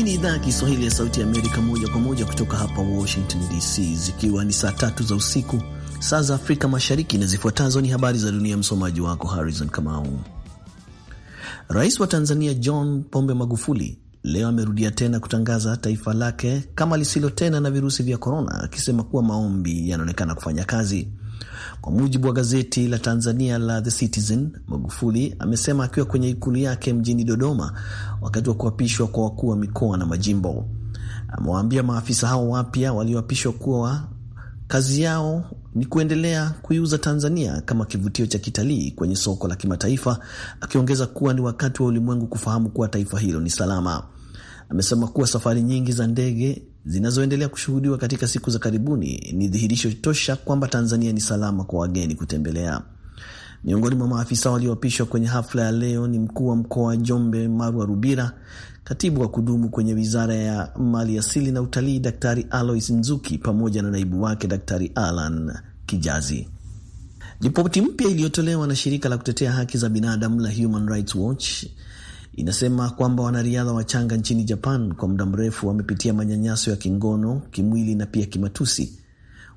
Hii ni idhaa ya Kiswahili ya Sauti ya Amerika, moja kwa moja kutoka hapa Washington DC, zikiwa ni saa tatu za usiku saa za Afrika Mashariki, na zifuatazo ni habari za dunia. Msomaji wako Harrison Kamau. Rais wa Tanzania John Pombe Magufuli leo amerudia tena kutangaza taifa lake kama lisilo tena na virusi vya korona, akisema kuwa maombi yanaonekana kufanya kazi. Kwa mujibu wa gazeti la Tanzania la The Citizen, Magufuli amesema akiwa kwenye ikulu yake mjini Dodoma wakati wa kuapishwa kwa wakuu wa mikoa na majimbo. Amewaambia maafisa hao wapya walioapishwa kuwa kazi yao ni kuendelea kuiuza Tanzania kama kivutio cha kitalii kwenye soko la kimataifa, akiongeza kuwa ni wakati wa ulimwengu kufahamu kuwa taifa hilo ni salama amesema kuwa safari nyingi za ndege zinazoendelea kushuhudiwa katika siku za karibuni ni dhihirisho tosha kwamba Tanzania ni salama kwa wageni kutembelea. Miongoni mwa maafisa walioapishwa kwenye hafla ya leo ni mkuu wa mkoa wa Njombe Marwa Rubira, katibu wa kudumu kwenye wizara ya mali asili na utalii Daktari Alois Nzuki pamoja na naibu wake Daktari Alan Kijazi. Ripoti mpya iliyotolewa na shirika la kutetea haki za binadamu la Human Rights Watch inasema kwamba wanariadha wachanga nchini Japan kwa muda mrefu wamepitia manyanyaso ya kingono, kimwili na pia kimatusi.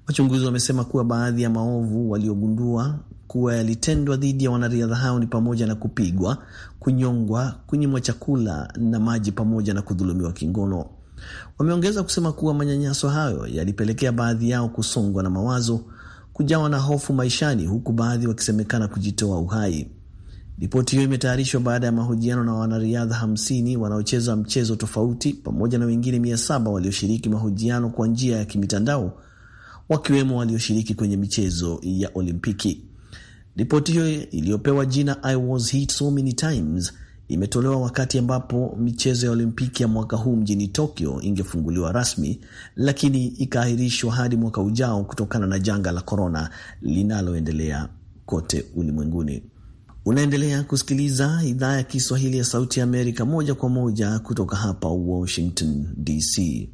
Wachunguzi wamesema kuwa baadhi ya maovu waliogundua kuwa yalitendwa dhidi ya wanariadha hao ni pamoja na kupigwa, kunyongwa, kunyimwa chakula na maji pamoja na kudhulumiwa kingono. Wameongeza kusema kuwa manyanyaso hayo yalipelekea baadhi yao kusongwa na mawazo, kujawa na hofu maishani, huku baadhi wakisemekana kujitoa uhai. Ripoti hiyo imetayarishwa baada ya mahojiano na wanariadha 50 wanaocheza mchezo tofauti pamoja na wengine 700 walioshiriki mahojiano kwa njia ya kimitandao, wakiwemo walioshiriki kwenye michezo ya Olimpiki. Ripoti hiyo iliyopewa jina I was hit so many times imetolewa wakati ambapo michezo ya Olimpiki ya mwaka huu mjini Tokyo ingefunguliwa rasmi, lakini ikaahirishwa hadi mwaka ujao kutokana na janga la korona linaloendelea kote ulimwenguni. Unaendelea kusikiliza idhaa ya Kiswahili ya Sauti ya Amerika moja kwa moja kutoka hapa Washington DC.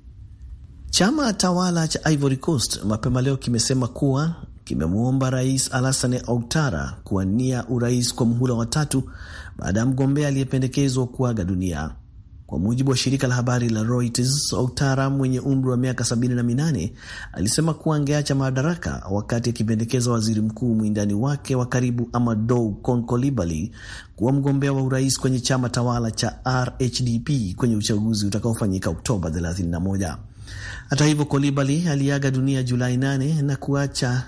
Chama tawala cha Ivory Coast mapema leo kimesema kuwa kimemwomba Rais Alassane Ouattara kuwania urais kwa muhula watatu baada ya mgombea aliyependekezwa kuaga dunia. Kwa mujibu wa shirika la habari la Reuters, outara mwenye umri wa miaka 78 alisema kuwa angeacha madaraka wakati akipendekeza waziri mkuu mwindani wake wa karibu Amadou concolibaly kuwa mgombea wa urais kwenye chama tawala cha RHDP kwenye uchaguzi utakaofanyika Oktoba 31. Hata hivyo, Coulibaly aliaga dunia Julai 8 na kuacha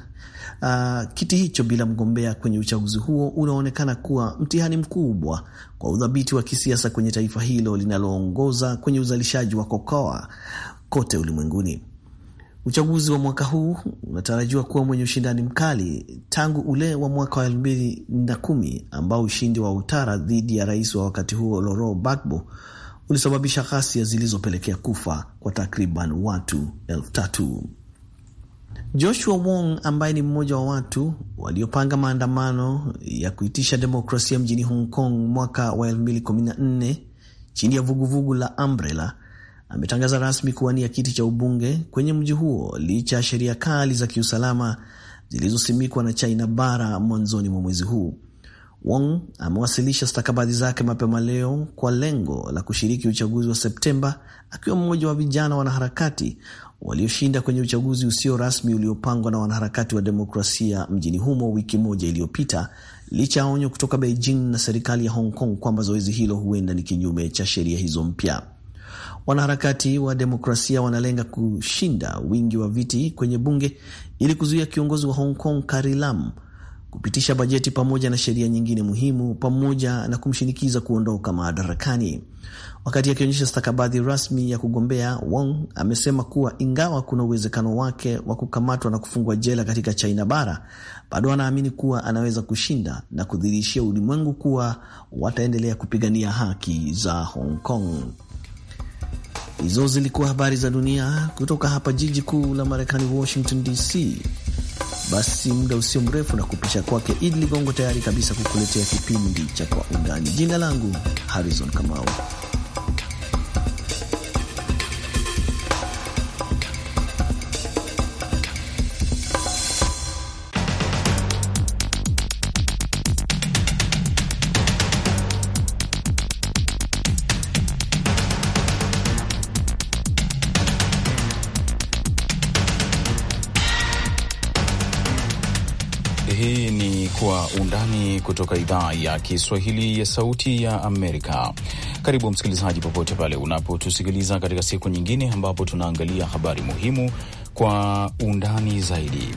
uh, kiti hicho bila mgombea kwenye uchaguzi huo unaonekana kuwa mtihani mkubwa kwa udhabiti wa kisiasa kwenye taifa hilo linaloongoza kwenye uzalishaji wa kokoa kote ulimwenguni. Uchaguzi wa mwaka huu unatarajiwa kuwa mwenye ushindani mkali tangu ule wa mwaka wa elfu mbili na kumi ambao ushindi wa Utara dhidi ya rais wa wakati huo Loro Bagbo ulisababisha ghasia zilizopelekea kufa kwa takriban watu elfu tatu. Joshua Wong ambaye ni mmoja wa watu waliopanga maandamano ya kuitisha demokrasia mjini Hong Kong mwaka wa 2014 chini ya vuguvugu la Umbrella ametangaza rasmi kuwania kiti cha ubunge kwenye mji huo licha ya sheria kali za kiusalama zilizosimikwa na China bara mwanzoni mwa mwezi huu. Wong amewasilisha stakabadhi zake mapema leo kwa lengo la kushiriki uchaguzi wa Septemba, akiwa mmoja wa vijana wanaharakati walioshinda kwenye uchaguzi usio rasmi uliopangwa na wanaharakati wa demokrasia mjini humo wiki moja iliyopita, licha ya onyo kutoka Beijing na serikali ya Hong Kong kwamba zoezi hilo huenda ni kinyume cha sheria hizo mpya. Wanaharakati wa demokrasia wanalenga kushinda wingi wa viti kwenye bunge ili kuzuia kiongozi wa Hong Kong Carrie Lam kupitisha bajeti pamoja na sheria nyingine muhimu pamoja na kumshinikiza kuondoka madarakani. Wakati akionyesha stakabadhi rasmi ya kugombea, Wong amesema kuwa ingawa kuna uwezekano wake wa kukamatwa na kufungwa jela katika China bara, bado anaamini kuwa anaweza kushinda na kudhihirishia ulimwengu kuwa wataendelea kupigania haki za Hong Kong. Hizo zilikuwa habari za dunia kutoka hapa jiji kuu la Marekani, Washington DC. Basi muda usio mrefu na kupisha kwake Idi Ligongo tayari kabisa kukuletea kipindi cha Kwa Undani. Jina langu Harrison Kamau. kutoka idhaa ya Kiswahili ya Sauti ya Amerika. Karibu msikilizaji, popote pale unapotusikiliza katika siku nyingine ambapo tunaangalia habari muhimu kwa undani zaidi.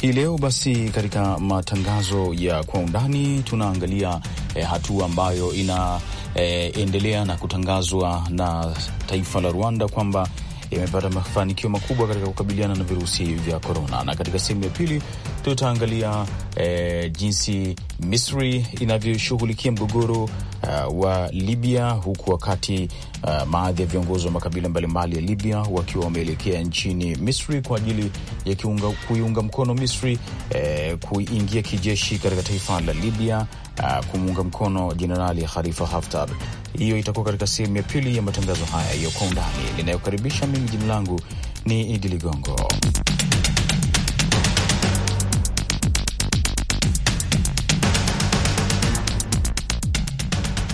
Hii leo basi, katika matangazo ya kwa undani tunaangalia eh, hatua ambayo inaendelea eh, na kutangazwa na taifa la Rwanda kwamba imepata mafanikio makubwa katika kukabiliana na virusi vya korona, na katika sehemu ya pili tutaangalia eh, jinsi Misri inavyoshughulikia mgogoro uh, wa Libya, huku wakati uh, baadhi ya viongozi wa makabila mbalimbali ya Libya wakiwa wameelekea nchini Misri kwa ajili ya kiunga, kuiunga mkono Misri eh, kuingia kijeshi katika taifa la Libya uh, kumuunga mkono Jenerali Khalifa Haftar. Hiyo itakuwa katika sehemu ya pili ya matangazo haya ya Kwa Undani linayokaribisha. Mimi jina langu ni Idi Ligongo.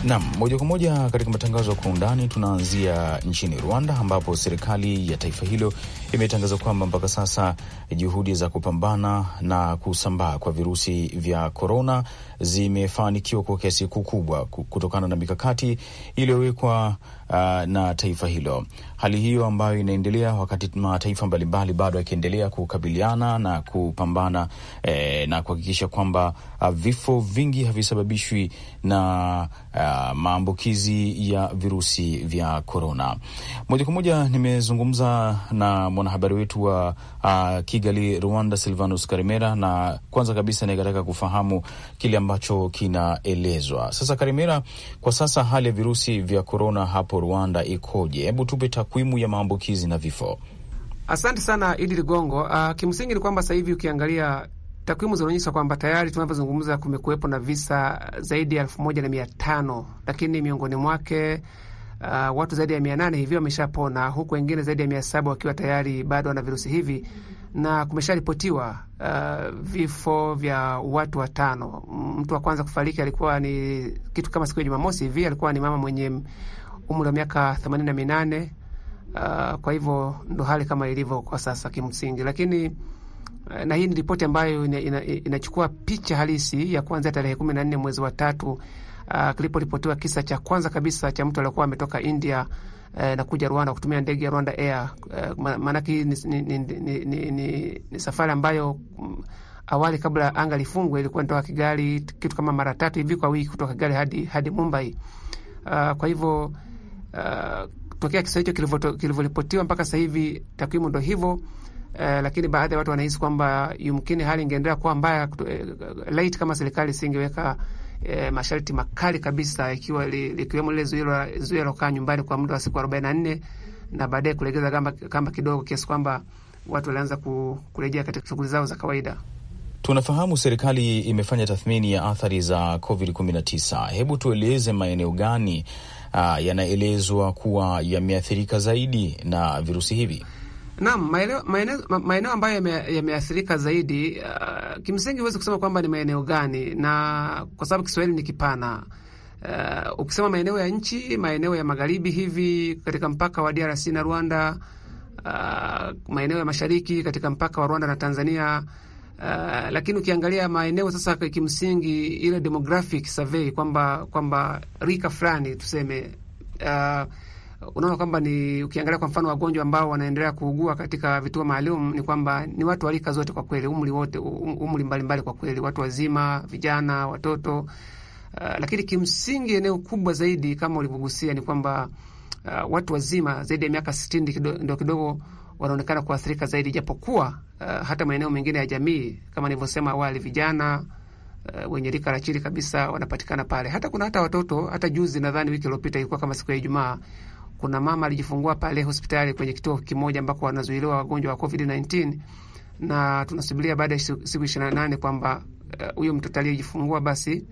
Nam moja kwa moja katika matangazo ya kwa undani, tunaanzia nchini Rwanda ambapo serikali ya taifa hilo imetangaza kwamba mpaka sasa juhudi za kupambana na kusambaa kwa virusi vya korona zimefanikiwa kwa kiasi kikubwa kutokana na mikakati iliyowekwa Uh, na taifa hilo. Hali hiyo ambayo inaendelea wakati mataifa mbalimbali bado yakiendelea kukabiliana na kupambana eh, na kuhakikisha kwamba uh, vifo vingi havisababishwi na uh, maambukizi ya virusi vya korona. Moja kwa moja nimezungumza na mwanahabari wetu wa uh, Kigali, Rwanda, Silvanus Karimera. Na kwanza kabisa nikataka kufahamu kile ambacho kinaelezwa sasa. Karimera, kwa sasa hali ya virusi vya korona hapo Rwanda ikoje? Hebu tupe takwimu ya maambukizi na vifo. Asante sana Idi Ligongo. Uh, kimsingi ni kwamba sasa hivi ukiangalia takwimu zinaonyesha kwamba tayari tunavyozungumza kumekuwepo na visa zaidi ya elfu moja na mia tano lakini miongoni mwake uh, watu zaidi ya mia nane hivi wameshapona, huku wengine zaidi ya mia saba wakiwa tayari bado wana virusi hivi, na kumesharipotiwa uh, vifo vya watu watano. Mtu wa kwanza kufariki alikuwa ni kitu kama siku ya Jumamosi hivi, alikuwa ni mama mwenye umri wa miaka themanini na minane. Uh, kwa hivyo ndo hali kama ilivyo kwa sasa kimsingi, lakini uh, na hii ni ripoti ambayo inachukua ina, ina picha halisi ya kuanzia tarehe kumi na nne mwezi wa tatu uh, ah, kiliporipotiwa kisa cha kwanza kabisa cha mtu aliokuwa ametoka India eh, na kuja Rwanda kutumia ndege ya Rwanda Air. Eh, maanake hii ni, ni, ni, ni, ni, ni, safari ambayo mm, awali kabla anga lifungwe ilikuwa Kigali kitu kama mara tatu hivi kwa wiki kutoka Kigali hadi, hadi Mumbai. Uh, kwa hivyo uh, tokea kisa hicho kilivyoripotiwa mpaka sasa hivi takwimu ndo hivyo. Uh, lakini baadhi ya watu wanahisi kwamba yumkini hali ingeendelea kuwa mbaya uh, kama serikali isingeweka e, masharti makali kabisa ikiwa likiwemo li, lile zuio la kukaa nyumbani kwa muda wa siku arobaini na nne na baadaye kulegeza kamba, kamba kidogo kiasi kwamba watu walianza kurejea katika shughuli zao za kawaida. Tunafahamu serikali imefanya tathmini ya athari za COVID-19. Hebu tueleze maeneo gani ah, yanaelezwa kuwa yameathirika zaidi na virusi hivi? Naam, maeneo ambayo yameathirika zaidi, uh, kimsingi huwezi kusema kwamba ni maeneo gani, na kwa sababu Kiswahili ni kipana. Uh, ukisema maeneo ya nchi, maeneo ya magharibi hivi katika mpaka wa DRC na Rwanda, uh, maeneo ya mashariki katika mpaka wa Rwanda na Tanzania. Uh, lakini ukiangalia maeneo sasa, kimsingi ile demographic survey kwamba kwamba rika fulani tuseme, uh, unaona kwamba ni ukiangalia kwa mfano wagonjwa ambao wanaendelea kuugua katika vituo maalum ni kwamba ni watu walika zote kwa kweli, umri wote, umri mbalimbali kwa kweli, watu wazima, vijana, watoto uh, lakini kimsingi eneo kubwa zaidi kama ulivyogusia ni kwamba uh, watu wazima zaidi ya miaka sitini kido, ndo kidogo wanaonekana kuathirika zaidi, japokuwa uh, hata maeneo mengine ya jamii kama nilivyosema awali, vijana uh, wenye rika la chini kabisa wanapatikana pale, hata kuna hata watoto. Hata juzi nadhani wiki iliyopita ilikuwa kama siku ya Ijumaa kuna mama alijifungua pale hospitali kwenye kituo kimoja ambako wanazuiliwa wagonjwa wa COVID-19 na tunasubiria baada ya siku ishirini na nane kwamba eh, huyo uh, mtoto aliyejifungua basi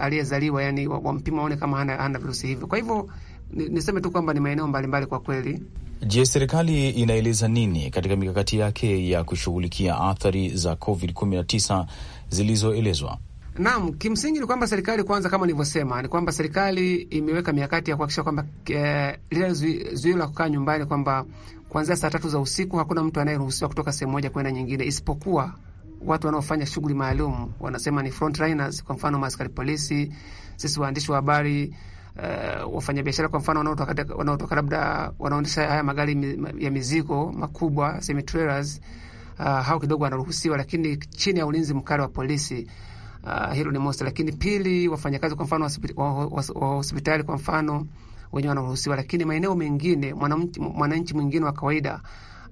aliyezaliwa yani wampima waone kama hana, hana virusi hivyo. Kwa hivyo niseme tu kwamba ni maeneo mbalimbali kwa kweli. Je, serikali inaeleza nini katika mikakati yake ya kushughulikia athari za COVID-19 zilizoelezwa? Naam, kimsingi ni kwamba serikali kwanza, kama nilivyosema, ni kwamba serikali imeweka mikakati ya kuhakikisha kwamba eh, lile zuio la kukaa nyumbani kwamba kuanzia saa tatu za usiku hakuna mtu anayeruhusiwa kutoka sehemu moja kwenda nyingine, isipokuwa watu wanaofanya shughuli maalum, wanasema ni frontliners, kwa mfano maaskari polisi, sisi waandishi wa habari Uh, wafanyabiashara kwa mfano wanaotoka labda wanaondesha haya magari ya mizigo makubwa semi trailers, uh, ah, hao kidogo wanaruhusiwa, lakini chini ya ulinzi mkali wa polisi. Uh, hilo ni mosi, lakini pili, wafanyakazi kwa mfano wa hospitali kwa mfano wenyewe wanaruhusiwa, lakini maeneo mengine, mwananchi mwingine wa kawaida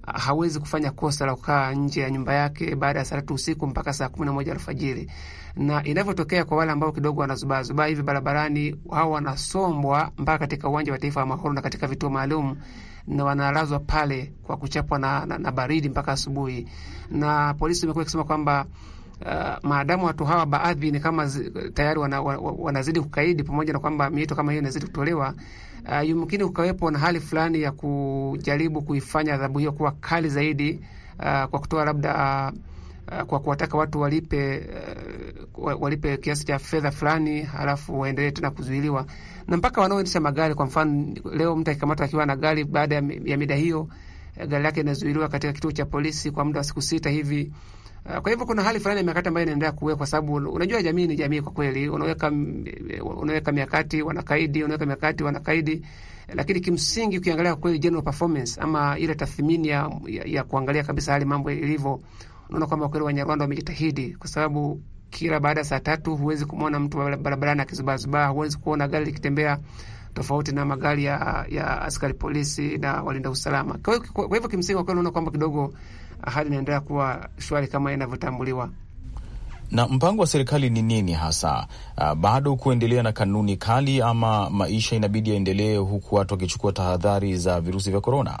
ah, hawezi kufanya kosa la kukaa nje ya nyumba yake baada ya saa tatu usiku mpaka saa kumi na moja alfajiri. Na inavyotokea kwa wale ambao kidogo wanazubaazubaa hivi barabarani, hao wanasombwa mpaka katika uwanja wa taifa wa Mahoro na katika vituo maalum, na wanalazwa pale kwa kuchapwa na, na, na baridi mpaka asubuhi. Na polisi imekuwa ikisema kwamba Uh, maadamu watu hawa baadhi ni kama zi, tayari wana, wanazidi kukaidi, pamoja na kwamba miito kama hiyo inazidi kutolewa, uh, yumkini kukawepo na hali fulani ya kujaribu kuifanya adhabu hiyo kuwa kali zaidi, uh, kwa kutoa labda uh, uh kwa kuwataka watu walipe uh, walipe kiasi cha fedha fulani, halafu waendelee tena kuzuiliwa. Na mpaka wanaoendesha magari, kwa mfano, leo mtu akikamatwa akiwa na gari, baada ya mida hiyo uh, gari lake inazuiliwa katika kituo cha polisi kwa muda wa siku sita hivi. Ah, kwa hivyo kuna hali fulani ya mikakati ambayo inaendelea kuwekwa, kwa sababu unajua jamii ni jamii. Kwa kweli, unaweka unaweka mikakati, wanakaidi, unaweka mikakati, wanakaidi, lakini kimsingi ukiangalia kwa kweli general performance ama ile tathmini ya, ya, ya kuangalia kabisa hali mambo ilivyo, unaona kwamba kweli Wanyarwanda wamejitahidi, kwa sababu kila baada ya saa tatu huwezi kumwona mtu barabarani akizubazubaa, huwezi kuona gari likitembea tofauti na magari ya, ya askari polisi na walinda usalama. Kwa hivyo kimsingi kwa kweli unaona kwamba kidogo hali inaendelea kuwa shwari kama inavyotambuliwa. Na mpango wa serikali ni nini hasa? Uh, bado kuendelea na kanuni kali ama maisha inabidi yaendelee huku watu wakichukua tahadhari za virusi vya korona?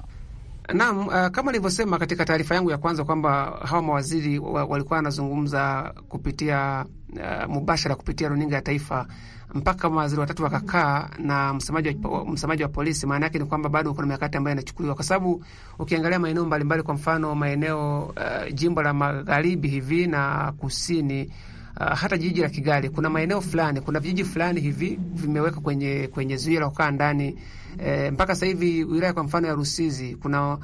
Naam, uh, kama nilivyosema katika taarifa yangu ya kwanza kwamba hawa mawaziri walikuwa wanazungumza kupitia uh, mubashara kupitia runinga ya taifa mpaka mawaziri watatu wakakaa na msemaji wa, msemaji wa polisi. Maana yake ni kwamba bado kuna mikakati ambayo inachukuliwa, kwa sababu ukiangalia maeneo mbalimbali, kwa mfano maeneo uh, jimbo la magharibi hivi na kusini Uh, hata jiji la Kigali kuna maeneo fulani, kuna vijiji fulani hivi vimewekwa kwenye, kwenye zuio la kukaa ndani e, mpaka sasa hivi wilaya kwa mfano ya Rusizi kuna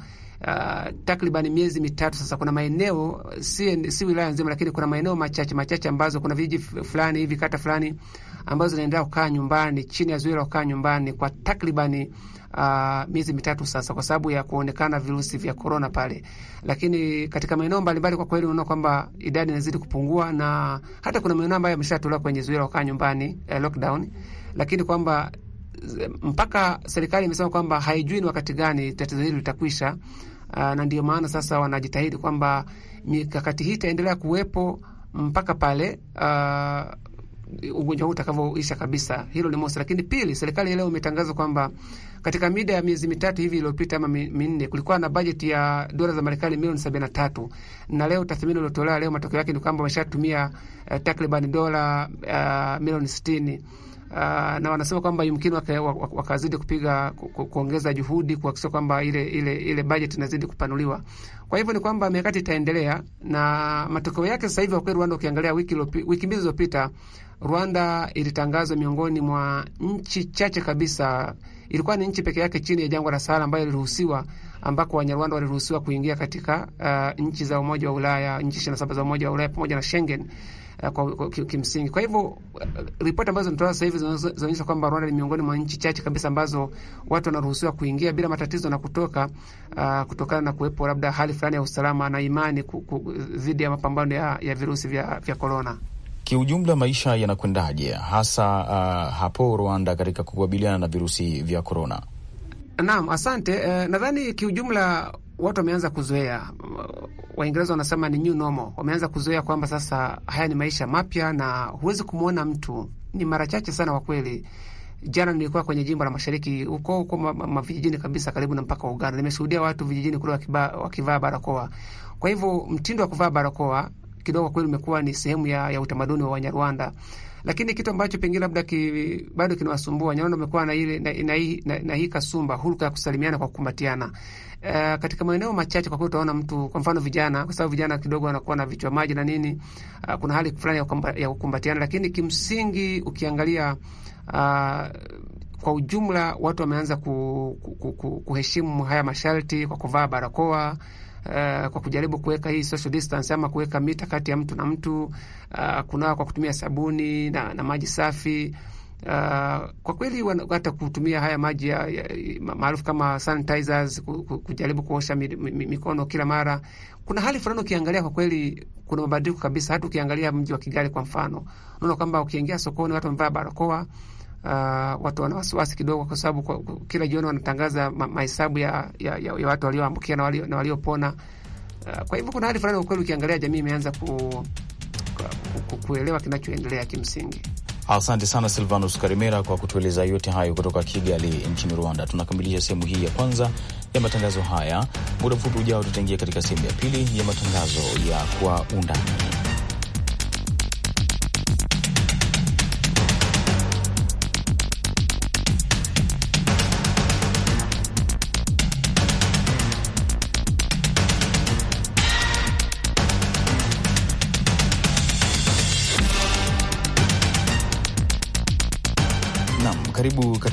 uh, takriban miezi mitatu sasa. Kuna maeneo si, si wilaya nzima, lakini kuna maeneo machache machache ambazo kuna vijiji fulani hivi kata fulani ambazo zinaendelea kukaa nyumbani chini ya zuio la kukaa nyumbani kwa takribani uh, miezi mitatu sasa, kwa sababu ya kuonekana virusi vya korona pale. Lakini katika maeneo mbalimbali, kwa kweli unaona kwamba idadi inazidi kupungua, na hata kuna maeneo ambayo yameshatolewa kwenye zuio la kukaa nyumbani eh, lockdown, lakini kwamba mpaka serikali imesema kwamba haijui ni wakati gani tatizo hili litakwisha, Ah, na ndio maana sasa wanajitahidi kwamba mikakati hii itaendelea kuwepo mpaka pale ah, ugonjwa huu utakavyoisha kabisa. Hilo ni mosi, lakini pili, serikali leo imetangaza kwamba katika mida ya miezi mitatu hivi iliyopita ama minne, kulikuwa na bajeti ya dola za Marekani milioni sabini na tatu na leo tathmini uliotolewa leo, matokeo yake ni kwamba wameshatumia uh, eh, takriban dola uh, milioni sitini uh, na wanasema kwamba yumkini wakazidi kupiga kuongeza juhudi kuhakikisha kwamba ile, ile, ile bajeti inazidi kupanuliwa. Kwa hivyo ni kwamba mikakati itaendelea na matokeo yake sasa hivi kwa kweli Rwanda ukiangalia wiki, wiki mbili zilizopita Rwanda ilitangazwa miongoni mwa nchi chache kabisa Ilikuwa ni nchi peke yake chini ya jangwa la Sahara ambayo iliruhusiwa, ambako Wanyarwanda waliruhusiwa kuingia katika uh, nchi za Umoja wa Ulaya, nchi ishirini na saba za Umoja wa Ulaya pamoja na Schengen uh, kwa kimsingi. Kwa hivyo uh, ripoti ambazo zinatoa sasa hivi zinaonyesha kwamba Rwanda ni miongoni mwa nchi chache kabisa ambazo watu wanaruhusiwa kuingia bila matatizo na kutoka, uh, kutokana na kuwepo labda hali fulani ya usalama na imani dhidi ya mapambano ya, ya virusi vya korona. Kiujumla, maisha yanakwendaje hasa uh, hapo Rwanda katika kukabiliana na virusi vya korona? Naam, asante. Uh, nadhani kiujumla watu wameanza kuzoea. Waingereza wanasema ni new normal, wameanza kuzoea kwamba sasa haya ni maisha mapya na huwezi kumwona mtu, ni mara chache sana kwa kweli. Jana nilikuwa kwenye jimbo la mashariki huko huko mavijijini kabisa, karibu na mpaka wa Uganda. Nimeshuhudia watu vijijini kule wakivaa barakoa. Kwa hivyo mtindo wa kuvaa barakoa kidogo kweli umekuwa ni sehemu ya, ya utamaduni wa Wanyarwanda. Lakini kitu ambacho pengine labda ki, bado kinawasumbua Wanyarwanda wamekuwa na, na, na, na, na hii kasumba hulka ya kusalimiana kwa kukumbatiana. Uh, katika maeneo machache kwa kweli utaona mtu kwa mfano vijana, kwa sababu vijana kidogo wanakuwa na vichwa maji na nini, uh, kuna hali fulani ya kukumbatiana, lakini kimsingi ukiangalia uh, kwa ujumla watu wameanza ku, ku, ku, ku, kuheshimu haya masharti kwa kuvaa barakoa Eh, kwa kujaribu kuweka hii social distance ama kuweka mita kati ya mtu na mtu uh, kunawa kwa kutumia sabuni na, na maji safi uh, kwa kweli hata kutumia haya maji ya, ya, maarufu kama sanitizers, kujaribu kuosha mikono kila mara. Kuna hali fulani ukiangalia, kwa kweli kuna mabadiliko kabisa. Hata ukiangalia mji wa Kigali kwa mfano, unaona kwamba ukiingia sokoni watu wamevaa barakoa uh, watu wana wasiwasi kidogo, kwa sababu kila jioni wanatangaza mahesabu ya, ya, ya, ya watu walioambukia na waliopona walio uh, kwa hivyo kuna hali fulani ukweli, ukiangalia jamii imeanza ku, ku, ku, kuelewa kinachoendelea kimsingi. Asante sana Silvanus Karimera kwa kutueleza yote hayo kutoka Kigali nchini Rwanda. Tunakamilisha sehemu hii ya kwanza ya matangazo haya. Muda mfupi ujao, tutaingia katika sehemu ya pili ya matangazo ya kwa undani.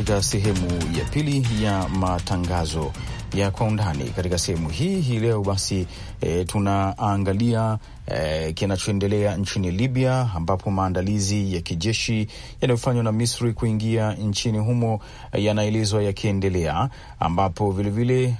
katika sehemu ya pili ya matangazo ya kwa undani katika sehemu hii hii leo basi, e, tunaangalia e, kinachoendelea nchini Libya ambapo maandalizi ya kijeshi yanayofanywa na Misri kuingia nchini humo eh, yanaelezwa yakiendelea, ambapo vilevile vile,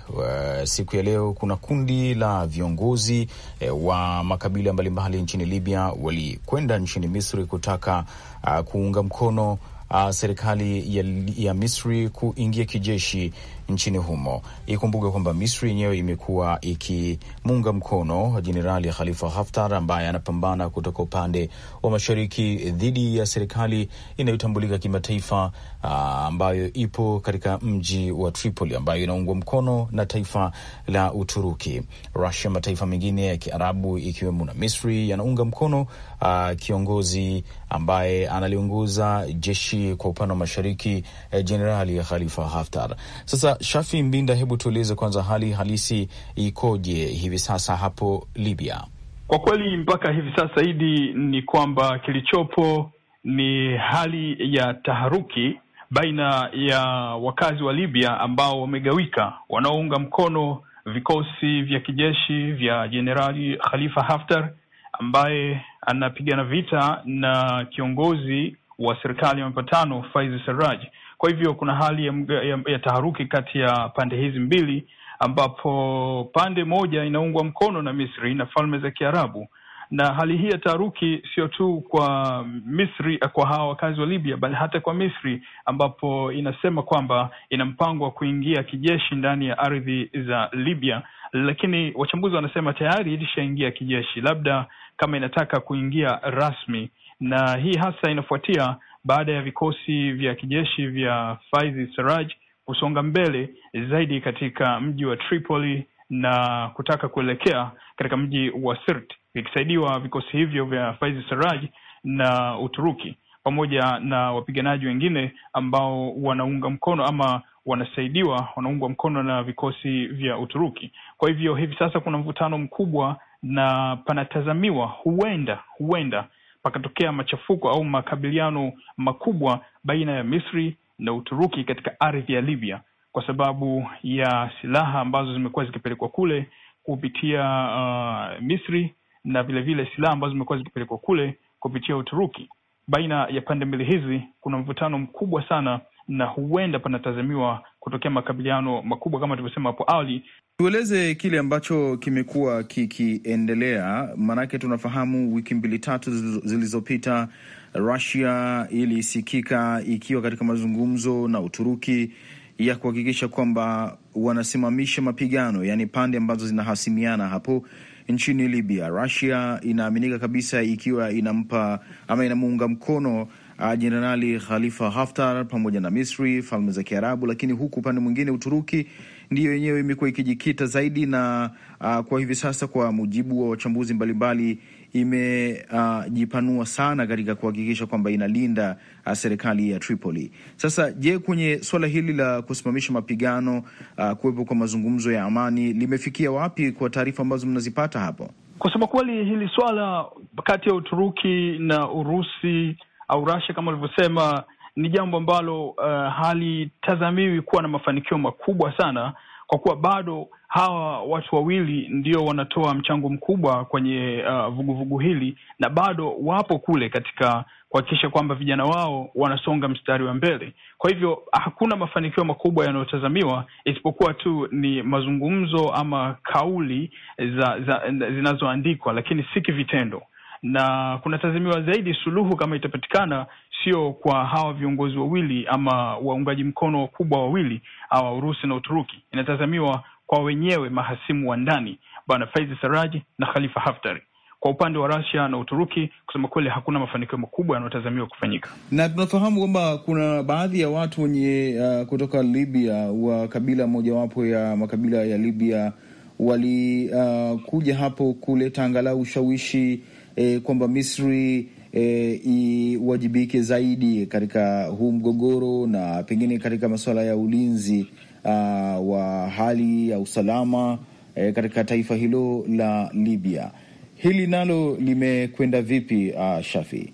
e, siku ya leo kuna kundi la viongozi e, wa makabila mbalimbali nchini Libya walikwenda nchini Misri kutaka a, ah, kuunga mkono uh, serikali ya, ya Misri kuingia kijeshi nchini humo. Ikumbuke kwamba Misri yenyewe imekuwa ikimunga mkono Jenerali Khalifa Haftar ambaye anapambana kutoka upande wa mashariki dhidi ya serikali inayotambulika kimataifa ah, ambayo ipo katika mji wa Tripoli ambayo inaungwa mkono na taifa la Uturuki, Rusia, mataifa mengine ya Kiarabu ikiwemo na Misri yanaunga mkono Uh, kiongozi ambaye analiongoza jeshi kwa upande wa mashariki eh, Jenerali Khalifa Haftar. Sasa Shafi Mbinda, hebu tueleze kwanza hali halisi ikoje hivi sasa hapo Libya? Kwa kweli mpaka hivi sasa hidi ni kwamba kilichopo ni hali ya taharuki baina ya wakazi wa Libya ambao wamegawika, wanaounga mkono vikosi vya kijeshi vya Jenerali Khalifa Haftar ambaye anapigana vita na kiongozi wa serikali ya mapatano Faiz Sarraj kwa hivyo kuna hali ya, ya, ya taharuki kati ya pande hizi mbili ambapo pande moja inaungwa mkono na Misri na Falme za Kiarabu, na hali hii ya taharuki sio tu kwa Misri, kwa hawa wakazi wa Libya, bali hata kwa Misri ambapo inasema kwamba ina mpango wa kuingia kijeshi ndani ya ardhi za Libya, lakini wachambuzi wanasema tayari ilishaingia kijeshi, labda kama inataka kuingia rasmi, na hii hasa inafuatia baada ya vikosi vya kijeshi vya Faiz Saraj kusonga mbele zaidi katika mji wa Tripoli na kutaka kuelekea katika mji wa Sirte vikisaidiwa vikosi hivyo vya Faiz Saraj na Uturuki pamoja na wapiganaji wengine ambao wanaunga mkono ama wanasaidiwa wanaungwa mkono na vikosi vya Uturuki. Kwa hivyo hivi sasa kuna mvutano mkubwa na panatazamiwa huenda huenda pakatokea machafuko au makabiliano makubwa baina ya Misri na Uturuki katika ardhi ya Libya kwa sababu ya silaha ambazo zimekuwa zikipelekwa kule kupitia uh, Misri na vilevile silaha ambazo zimekuwa zikipelekwa kule kupitia Uturuki. Baina ya pande mbili hizi kuna mvutano mkubwa sana na huenda panatazamiwa kutokea makabiliano makubwa kama tulivyosema hapo awali. Tueleze kile ambacho kimekuwa kikiendelea, maanake tunafahamu wiki mbili tatu zilizopita Russia ilisikika ikiwa katika mazungumzo na Uturuki ya kuhakikisha kwamba wanasimamisha mapigano, yaani pande ambazo zinahasimiana hapo nchini Libya. Russia inaaminika kabisa ikiwa inampa ama inamuunga mkono Ah, Jenerali Khalifa Haftar pamoja na Misri, falme za Kiarabu. Lakini huku upande mwingine Uturuki ndiyo yenyewe imekuwa ikijikita zaidi na uh, kwa hivi sasa, kwa mujibu wa wachambuzi mbalimbali, imejipanua uh, sana katika kuhakikisha kwamba inalinda uh, serikali ya Tripoli. Sasa je, kwenye suala hili la kusimamisha mapigano uh, kuwepo kwa mazungumzo ya amani limefikia wapi kwa taarifa ambazo mnazipata hapo? Kusema kweli, hili swala kati ya Uturuki na Urusi au Russia kama ulivyosema, ni jambo ambalo uh, halitazamiwi kuwa na mafanikio makubwa sana, kwa kuwa bado hawa watu wawili ndio wanatoa mchango mkubwa kwenye eh, vuguvugu uh, vugu hili, na bado wapo kule katika kuhakikisha kwamba vijana wao wanasonga mstari wa mbele. Kwa hivyo hakuna mafanikio makubwa yanayotazamiwa isipokuwa tu ni mazungumzo ama kauli za, za, zinazoandikwa, lakini si kivitendo na kunatazamiwa zaidi suluhu kama itapatikana, sio kwa hawa viongozi wawili ama waungaji mkono wakubwa wawili hawa Urusi na Uturuki, inatazamiwa kwa wenyewe mahasimu wa ndani bwana Faiz Saraj na Khalifa Haftari. Kwa upande wa Russia na Uturuki, kusema kweli, hakuna mafanikio makubwa yanayotazamiwa kufanyika, na tunafahamu kwamba kuna baadhi ya watu wenye uh, kutoka Libya wa kabila mojawapo ya makabila ya Libya walikuja uh, hapo kuleta angalau ushawishi e, kwamba Misri e, iwajibike zaidi katika huu mgogoro na pengine katika masuala ya ulinzi uh, wa hali ya usalama e, katika taifa hilo la Libya. Hili nalo limekwenda vipi, uh, Shafi?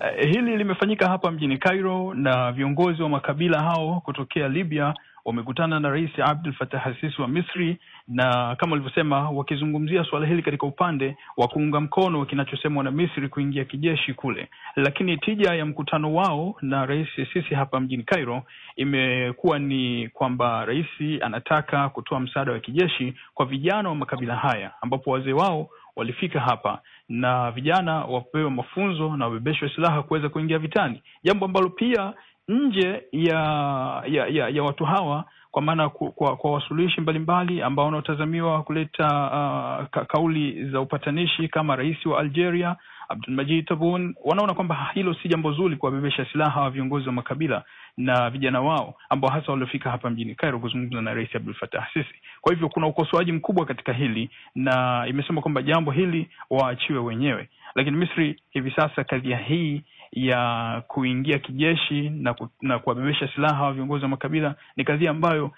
Uh, hili limefanyika hapa mjini Cairo na viongozi wa makabila hao kutokea Libya wamekutana na Rais Abdul Fattah al-Sisi wa Misri na kama ulivyosema, wakizungumzia suala hili katika upande wa kuunga mkono kinachosemwa na Misri kuingia kijeshi kule, lakini tija ya mkutano wao na Rais Sisi hapa mjini Cairo imekuwa ni kwamba rais anataka kutoa msaada wa kijeshi kwa vijana wa makabila haya, ambapo wazee wao walifika hapa na vijana wapewe mafunzo na wabebeshwe silaha kuweza kuingia vitani, jambo ambalo pia nje ya, ya, ya, ya watu hawa kwa maana kwa, kwa, wasuluhishi mbalimbali ambao wanaotazamiwa kuleta uh, ka, kauli za upatanishi kama rais wa Algeria Abdulmajid Tabun wanaona kwamba hilo si jambo zuri kuwabebesha silaha wa viongozi wa makabila na vijana wao ambao hasa waliofika hapa mjini Cairo kuzungumza na Rais Abdul Fattah Sisi. Kwa hivyo kuna ukosoaji mkubwa katika hili na imesema kwamba jambo hili waachiwe wenyewe, lakini Misri hivi sasa kadhia hii ya kuingia kijeshi na, ku, na kuwabebesha silaha wa viongozi wa makabila ni kadhi ambayo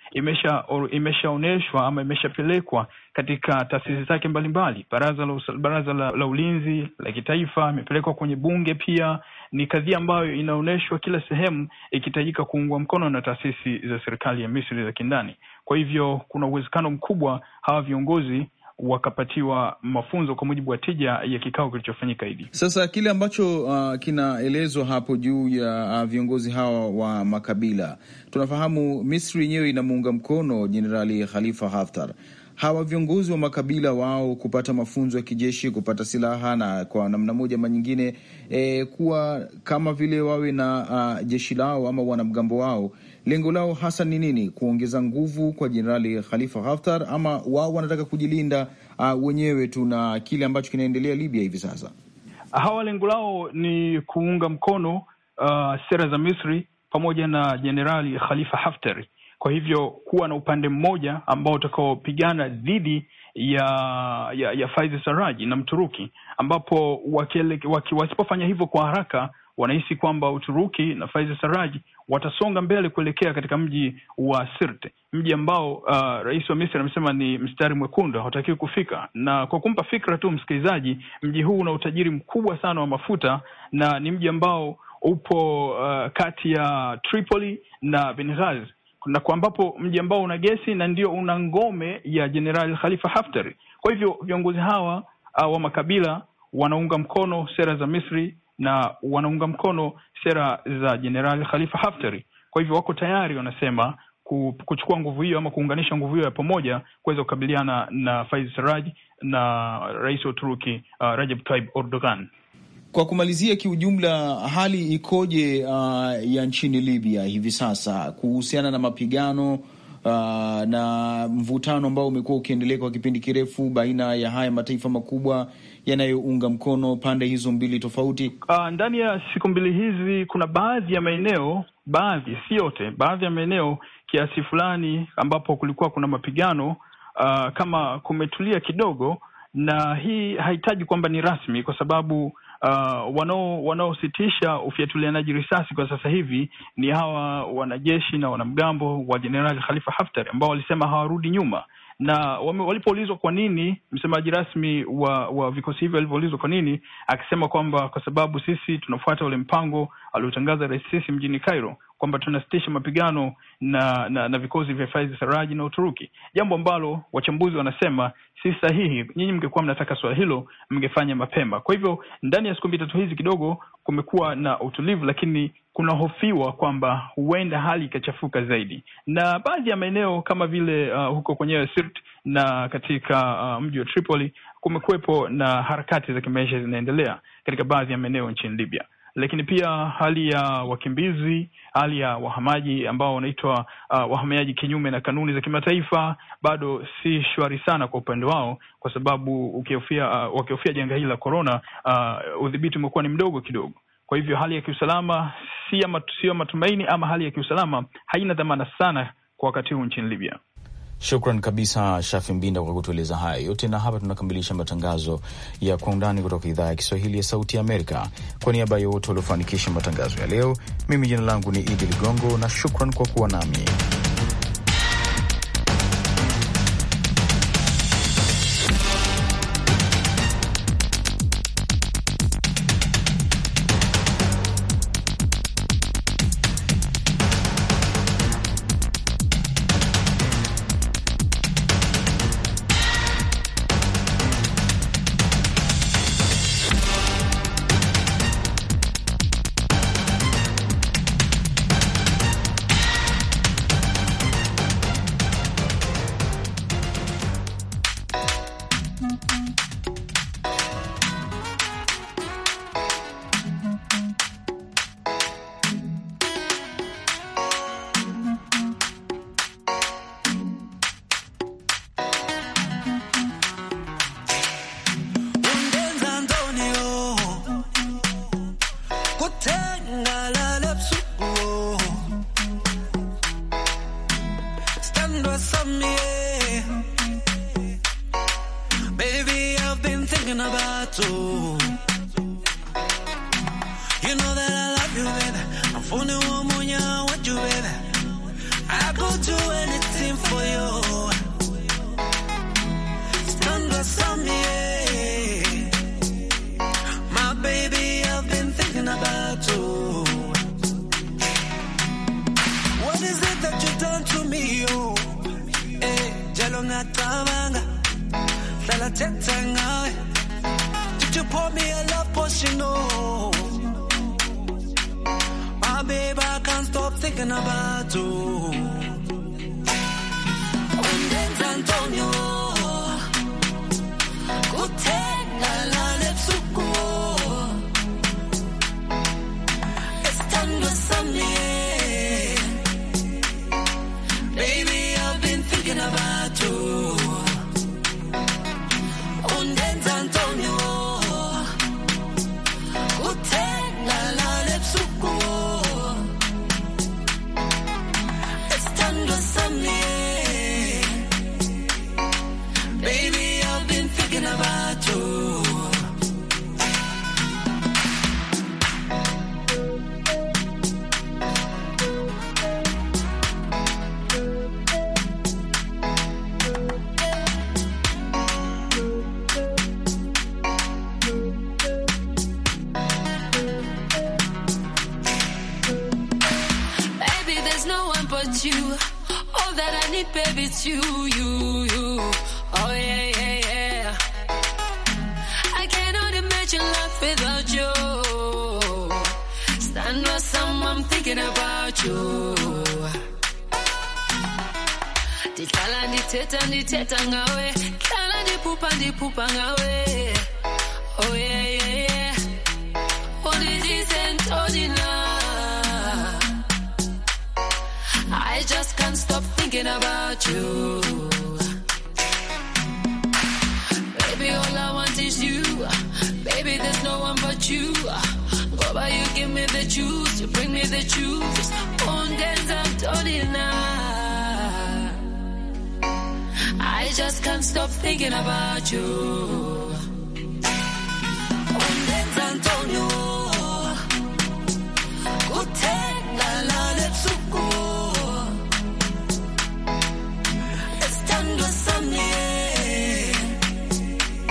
imeshaonyeshwa imesha ama imeshapelekwa katika taasisi zake mbalimbali, baraza la, baraza la, la ulinzi la kitaifa, imepelekwa kwenye bunge pia. Ni kadhi ambayo inaonyeshwa kila sehemu, ikihitajika kuungwa mkono na taasisi za serikali ya Misri za kindani. Kwa hivyo kuna uwezekano mkubwa hawa viongozi wakapatiwa mafunzo kwa mujibu wa tija ya kikao kilichofanyika hivi sasa. Kile ambacho uh, kinaelezwa hapo juu ya uh, viongozi hawa wa makabila, tunafahamu Misri yenyewe inamuunga mkono Jenerali Khalifa Haftar. Hawa viongozi wa makabila wao kupata mafunzo ya kijeshi, kupata silaha na kwa namna moja ama nyingine e, kuwa kama vile wawe na uh, jeshi lao ama wanamgambo wao lengo lao hasa ni nini? Kuongeza nguvu kwa Jenerali Khalifa Haftar, ama wao wanataka kujilinda uh, wenyewe tu na kile ambacho kinaendelea Libya hivi sasa? Hawa lengo lao ni kuunga mkono uh, sera za Misri pamoja na Jenerali Khalifa Haftar. Kwa hivyo kuwa na upande mmoja ambao utakaopigana dhidi ya ya, ya Faizi Saraji na Mturuki, ambapo wasipofanya hivyo kwa haraka wanahisi kwamba Uturuki na Faiz Sarraj watasonga mbele kuelekea katika mji wa Sirte, mji ambao uh, rais wa Misri amesema ni mstari mwekundu, hautakiwi kufika. Na kwa kumpa fikra tu msikilizaji, mji huu una utajiri mkubwa sana wa mafuta na ni mji ambao upo uh, kati ya Tripoli na Benghazi na kwa ambapo mji ambao una gesi na ndio una ngome ya Jenerali Khalifa Haftar. Kwa hivyo viongozi hawa uh, wa makabila wanaunga mkono sera za Misri na wanaunga mkono sera za Jenerali Khalifa Haftari. Kwa hivyo wako tayari, wanasema kuchukua nguvu hiyo ama kuunganisha nguvu hiyo ya pamoja kuweza kukabiliana na Faiz Saraj na rais wa Uturuki uh, Rajab Tayyip Erdogan. Kwa kumalizia, kiujumla hali ikoje uh, ya nchini Libya hivi sasa kuhusiana na mapigano uh, na mvutano ambao umekuwa ukiendelea kwa kipindi kirefu baina ya haya mataifa makubwa yanayounga mkono pande hizo mbili tofauti. Uh, ndani ya siku mbili hizi kuna baadhi ya maeneo, baadhi si yote, baadhi ya maeneo kiasi fulani ambapo kulikuwa kuna mapigano uh, kama kumetulia kidogo, na hii hahitaji kwamba ni rasmi, kwa sababu uh, wanao wanaositisha ufyatulianaji risasi kwa sasa hivi ni hawa wanajeshi na wanamgambo wa Jenerali Khalifa Haftar ambao walisema hawarudi nyuma na walipoulizwa kwa nini, msemaji rasmi wa wa vikosi hivyo alivyoulizwa kwa nini, akisema kwamba kwa sababu sisi tunafuata ule mpango aliotangaza Rais Sisi mjini Cairo kwamba tunasitisha mapigano na, na na vikosi vya Faiz Saraji na Uturuki, jambo ambalo wachambuzi wanasema si sahihi. Nyinyi mngekuwa mnataka suala hilo mngefanya mapema. Kwa hivyo ndani ya siku mbili tatu hizi kidogo kumekuwa na utulivu, lakini kunahofiwa kwamba huenda hali ikachafuka zaidi, na baadhi ya maeneo kama vile uh, huko kwenyewe Sirt na katika uh, mji wa Tripoli kumekuwepo na harakati za kimaisha zinaendelea katika baadhi ya maeneo nchini Libya lakini pia hali ya wakimbizi, hali ya wahamaji ambao wanaitwa uh, wahamiaji kinyume na kanuni za kimataifa bado si shwari sana kwa upande wao, kwa sababu ukihofia uh, wakihofia janga hili la korona, uh, udhibiti umekuwa ni mdogo kidogo. Kwa hivyo hali ya kiusalama sio matumaini ama hali ya kiusalama haina dhamana sana kwa wakati huu nchini Libya. Shukran kabisa Shafi Mbinda kwa kutueleza haya yote, na hapa tunakamilisha matangazo ya Kwa Undani kutoka idhaa ya Kiswahili ya Sauti ya Amerika. Kwa niaba ya wote waliofanikisha matangazo ya leo, mimi jina langu ni Idi Ligongo na shukran kwa kuwa nami. Baby, I've been thinking about you. You know that I love you, baby. I'm falling one more, I want you, baby. I go do anything for you. la tete ngawe Did pour me a love potion, no oh. My babe, I can't stop thinking about you thinking about you The the the tetan, tetan ndithlala The ndithetha ngawe hlala ndiphupha ndiphupha ngawe oh yeah, yeah, yeah. this undidisentoni na i just can't stop thinking about you baby all i want is you baby there's no one but you Baba, you give me the juice, you bring me the juice. On dance, I'm turning I just can't stop thinking about you.